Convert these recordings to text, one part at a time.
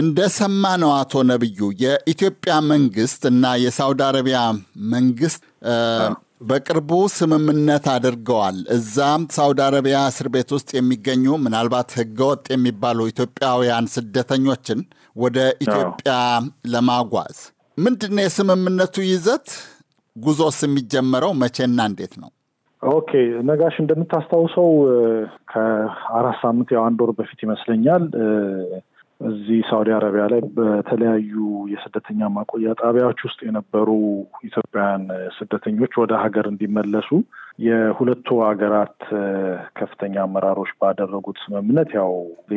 እንደ ነው አቶ ነብዩ የኢትዮጵያ መንግስት እና የሳውዲ አረቢያ መንግስት በቅርቡ ስምምነት አድርገዋል። እዛም ሳውዲ አረቢያ እስር ቤት ውስጥ የሚገኙ ምናልባት ህገወጥ የሚባሉ ኢትዮጵያውያን ስደተኞችን ወደ ኢትዮጵያ ለማጓዝ ምንድነው የስምምነቱ ይዘት? ጉዞስ የሚጀመረው መቼና እንዴት ነው? ኦኬ ነጋሽ፣ እንደምታስታውሰው ከአራት ሳምንት ያው አንድ ወር በፊት ይመስለኛል እዚህ ሳውዲ አረቢያ ላይ በተለያዩ የስደተኛ ማቆያ ጣቢያዎች ውስጥ የነበሩ ኢትዮጵያውያን ስደተኞች ወደ ሀገር እንዲመለሱ የሁለቱ ሀገራት ከፍተኛ አመራሮች ባደረጉት ስምምነት ያው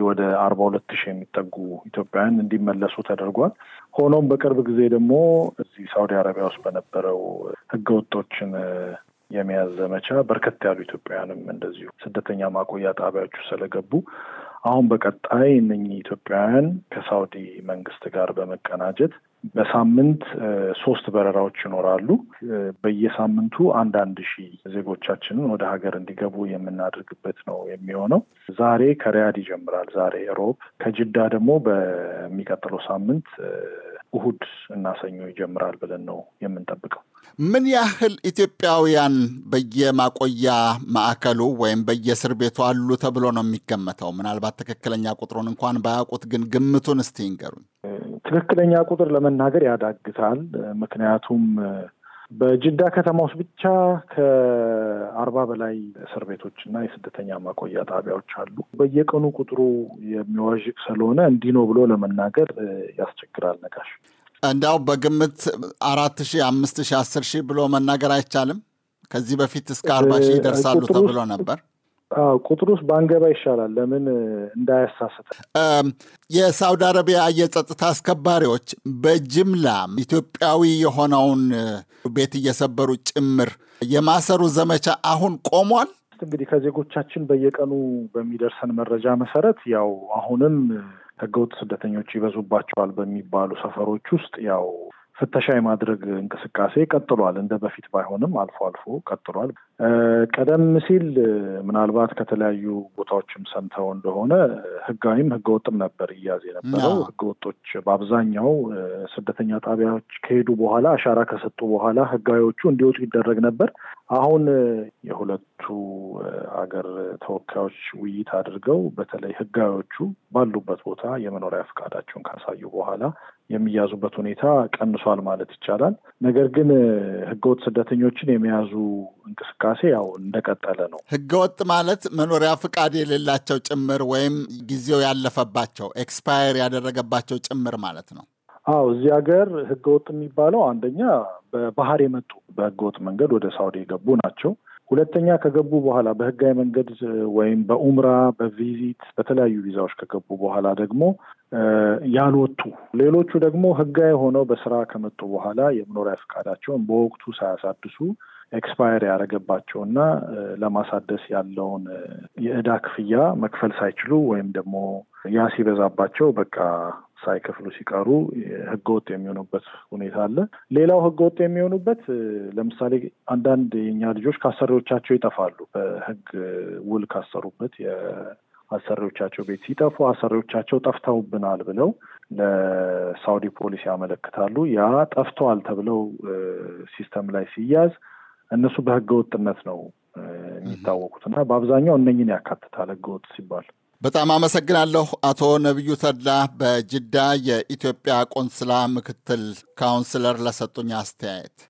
ወደ አርባ ሁለት ሺህ የሚጠጉ ኢትዮጵያውያን እንዲመለሱ ተደርጓል። ሆኖም በቅርብ ጊዜ ደግሞ እዚህ ሳውዲ አረቢያ ውስጥ በነበረው ህገወጦችን የመያዝ ዘመቻ በርከት ያሉ ኢትዮጵያውያንም እንደዚሁ ስደተኛ ማቆያ ጣቢያዎቹ ስለገቡ አሁን በቀጣይ እነኚህ ኢትዮጵያውያን ከሳውዲ መንግስት ጋር በመቀናጀት በሳምንት ሶስት በረራዎች ይኖራሉ። በየሳምንቱ አንዳንድ ሺህ ዜጎቻችንን ወደ ሀገር እንዲገቡ የምናደርግበት ነው የሚሆነው። ዛሬ ከሪያድ ይጀምራል። ዛሬ ሮብ፣ ከጅዳ ደግሞ በሚቀጥለው ሳምንት እሁድ እና ሰኞ ይጀምራል ብለን ነው የምንጠብቀው። ምን ያህል ኢትዮጵያውያን በየማቆያ ማዕከሉ ወይም በየእስር ቤቱ አሉ ተብሎ ነው የሚገመተው? ምናልባት ትክክለኛ ቁጥሩን እንኳን ባያውቁት ግን ግምቱን እስቲ ይንገሩኝ። ትክክለኛ ቁጥር ለመናገር ያዳግታል። ምክንያቱም በጅዳ ከተማ ውስጥ ብቻ ከአርባ በላይ እስር ቤቶች እና የስደተኛ ማቆያ ጣቢያዎች አሉ። በየቀኑ ቁጥሩ የሚዋዥቅ ስለሆነ እንዲህ ነው ብሎ ለመናገር ያስቸግራል ነጋሽ። እንዲያው በግምት አራት ሺ አምስት ሺ አስር ሺህ ብሎ መናገር አይቻልም። ከዚህ በፊት እስከ አርባ ሺህ ይደርሳሉ ተብሎ ነበር። ውስጥ ባንገባ ይሻላል። ለምን እንዳያሳስተ የሳውዲ አረቢያ የጸጥታ አስከባሪዎች በጅምላ ኢትዮጵያዊ የሆነውን ቤት እየሰበሩ ጭምር የማሰሩ ዘመቻ አሁን ቆሟል። እንግዲህ ከዜጎቻችን በየቀኑ በሚደርሰን መረጃ መሰረት ያው አሁንም ህገወጥ ስደተኞች ይበዙባቸዋል በሚባሉ ሰፈሮች ውስጥ ያው ፍተሻ የማድረግ እንቅስቃሴ ቀጥሏል። እንደ በፊት ባይሆንም አልፎ አልፎ ቀጥሏል። ቀደም ሲል ምናልባት ከተለያዩ ቦታዎችም ሰምተው እንደሆነ ህጋዊም ህገወጥም ነበር እያዝ የነበረው። ህገወጦች በአብዛኛው ስደተኛ ጣቢያዎች ከሄዱ በኋላ አሻራ ከሰጡ በኋላ ህጋዊዎቹ እንዲወጡ ይደረግ ነበር። አሁን የሁለቱ አገር ተወካዮች ውይይት አድርገው በተለይ ህጋዊዎቹ ባሉበት ቦታ የመኖሪያ ፈቃዳቸውን ካሳዩ በኋላ የሚያዙበት ሁኔታ ቀንሷል ማለት ይቻላል። ነገር ግን ህገወጥ ስደተኞችን የሚያዙ እንቅስቃሴ እንቅስቃሴ ያው እንደቀጠለ ነው። ህገወጥ ማለት መኖሪያ ፍቃድ የሌላቸው ጭምር ወይም ጊዜው ያለፈባቸው ኤክስፓየር ያደረገባቸው ጭምር ማለት ነው። አዎ እዚህ ሀገር ህገወጥ የሚባለው አንደኛ በባህር የመጡ በህገወጥ መንገድ ወደ ሳውዲ የገቡ ናቸው። ሁለተኛ ከገቡ በኋላ በህጋዊ መንገድ ወይም በኡምራ በቪዚት በተለያዩ ቪዛዎች ከገቡ በኋላ ደግሞ ያልወጡ ሌሎቹ ደግሞ ህጋዊ ሆነው በስራ ከመጡ በኋላ የመኖሪያ ፈቃዳቸውን በወቅቱ ሳያሳድሱ ኤክስፓየር ያደረገባቸውና ለማሳደስ ያለውን የእዳ ክፍያ መክፈል ሳይችሉ ወይም ደግሞ ያ ሲበዛባቸው በቃ ሳይከፍሉ ሲቀሩ ህገወጥ የሚሆኑበት ሁኔታ አለ። ሌላው ህገወጥ የሚሆኑበት ለምሳሌ አንዳንድ የኛ ልጆች ከአሰሪዎቻቸው ይጠፋሉ። በህግ ውል ካሰሩበት የአሰሪዎቻቸው ቤት ሲጠፉ አሰሪዎቻቸው ጠፍተውብናል ብለው ለሳውዲ ፖሊስ ያመለክታሉ። ያ ጠፍተዋል ተብለው ሲስተም ላይ ሲያዝ እነሱ በህገወጥነት ነው የሚታወቁት እና በአብዛኛው እነኝን ያካትታል ህገወጥ ሲባል በጣም አመሰግናለሁ አቶ ነቢዩ ተድላ በጅዳ የኢትዮጵያ ቆንስላ ምክትል ካውንስለር ለሰጡኝ አስተያየት።